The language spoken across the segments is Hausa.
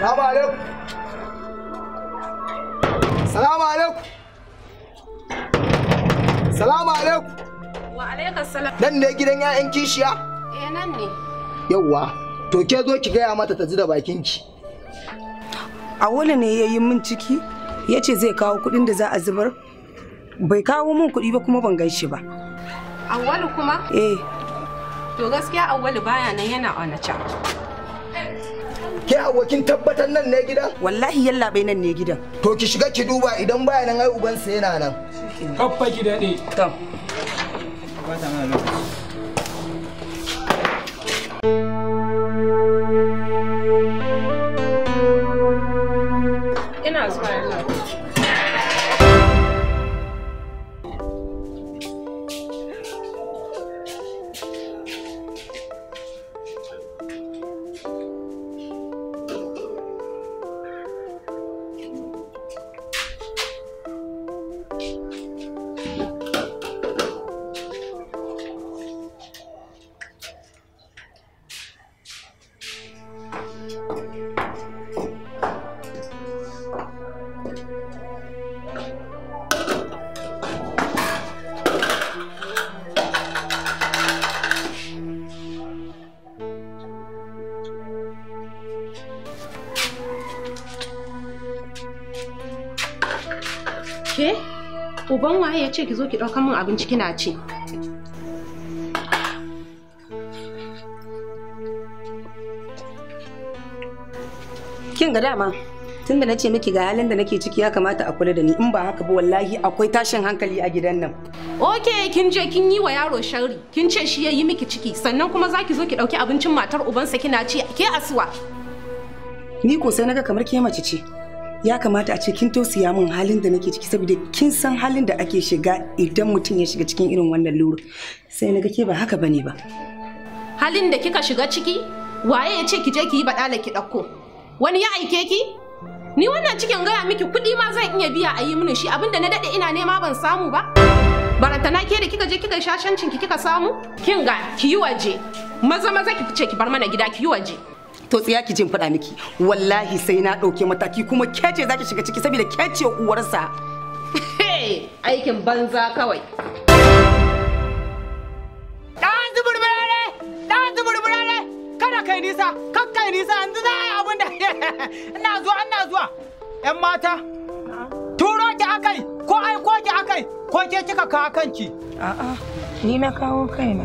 Salamu alaikum. Salamu alaikum. Salamu alaikum. Wa alaikum salam. Nan ne gidan ƴaƴan kishiya? Eh nan ne. Yawwa, to ke zo ki gaya mata ta ji da bakinki. wani ne ya yi min ciki, ya ce zai kawo kuɗin da za a zubar. Bai kawo min kuɗi ba kuma ban gan shi ba. Awwalu kuma? Eh. To gaskiya Awwalu baya nan yana a ke abokin tabbatar nan ne gidan wallahi yalla bai nan ne gidan to ki shiga ki duba idan baya nan ai uban sa yana nan kaffa ki dade Ke? Uban waye ya ce ki zo ki ɗauka min abinci kina ci? Kin ga dama tunda na ce miki ga halin da nake ciki ya kamata a kula da ni in ba haka ba wallahi akwai tashin hankali a gidan nan. Ok kin je kin yi wa yaro sharri kin ce shi ya yi miki ciki sannan kuma za ki zo ki ɗauki abincin matar ubansa kina ci ke asuwa. Ni ko sai naga kamar ke mace ce. ya kamata a ce kin tausaya min halin da nake ciki saboda kin san halin da ake shiga idan mutum ya shiga cikin irin wannan lura sai na ga ke ba haka bane ba halin da kika shiga ciki waye ya ce ki je ki yi badala ki dauko wani ya aike ki ni wannan cikin gaya miki kuɗi ma zan iya biya a yi mini shi abinda na dade ina nema ban samu ba barantana ke da kika je kika shashancin ki kika samu kin ga ki yi waje maza maza ki fice ki bar mana gida ki yi waje to tsiya ki jin faɗa miki wallahi sai na ɗauke mataki kuma kece zaki shiga ciki saboda kece uwarsa aikin banza kawai dan zuburburare dan zuburburare kada kai nisa kan kai nisa yanzu za a yi abin da ina zuwa ina zuwa yan mata turo ki akai ko aiko ki akai ko ke kika kawo kanki a'a ni na kawo kaina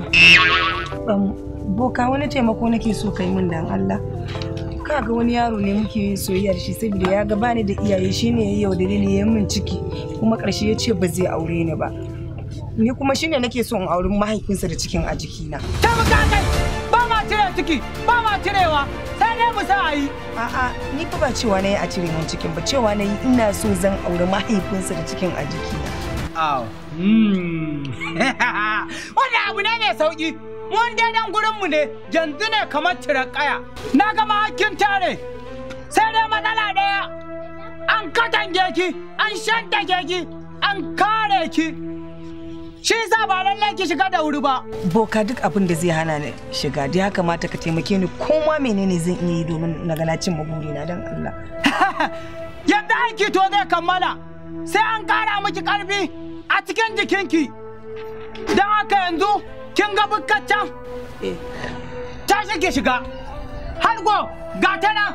boka wani taimako nake so kai min dan Allah kaga wani yaro ne muke yin soyayyar shi saboda ya ga bani da iyaye shine ya da ni ya min ciki kuma karshe ya ce ba zai aure ni ba ni kuma shine nake so in auri mahaifinsa da cikin a jikina ta muka kai ba ma cire ciki ba ma cirewa sai dai mu sa a yi. a'a ni fa ba cewa ne a cire min cikin ba cewa ne ina so zan auri mahaifinsa da cikin a jikina aw hmm. wannan abu ne mai sauƙi? mun daidan gurinmu ne yanzu ne kamar tirakaya kaya na gama hakkin tare sai dai matsala ɗaya an katange ki an shanta geki an kare ki shi sa ba lallai ki shiga da wuri ba boka duk abin da zai hana ni shiga da ya kamata ka taimake ni koma menene zan iya yi domin na gana cin na don Allah yadda aiki to zai kammala sai an kara miki karfi a cikin jikinki don haka yanzu kin ga bukkar eh. ta shige shiga hargo ga ta nan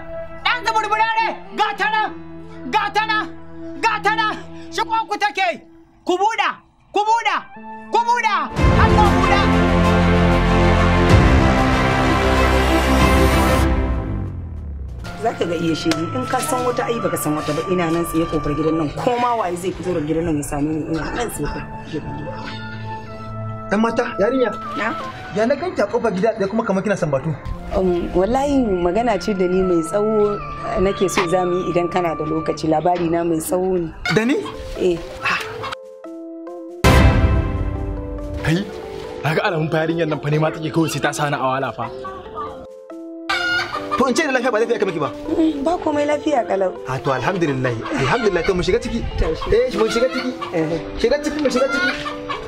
ɗan zuburburare ga ta nan ga ta nan ga ta nan shigo ku take ku buɗa ku buɗa ku buɗa hargo buɗa za ka ga iya shiri in ka san wata ai baka san wata ba ina nan tsaye kofar gidan nan koma ma waye zai fito da gidan ya same ni ina nan tsaye kofar Dan mata, yarinya. Na. Ya na ganki kofar gida da kuma kamar kina sambatu. Um, wallahi magana ce da ni mai tsawo nake so za mu yi idan kana da lokaci labari na mai tsawo ne. Da ni? Eh. Kai, na ga alamun fa yarinyar nan fa ne ma take kawai sai ta sani a wala fa. To an ce da lafiya ba zai ka miki ba. Mm, ba komai lafiya kalau. A to alhamdulillah, alhamdulillah to mu shiga ciki. Eh, mu shiga ciki. Eh. Shiga ciki, mu shiga ciki.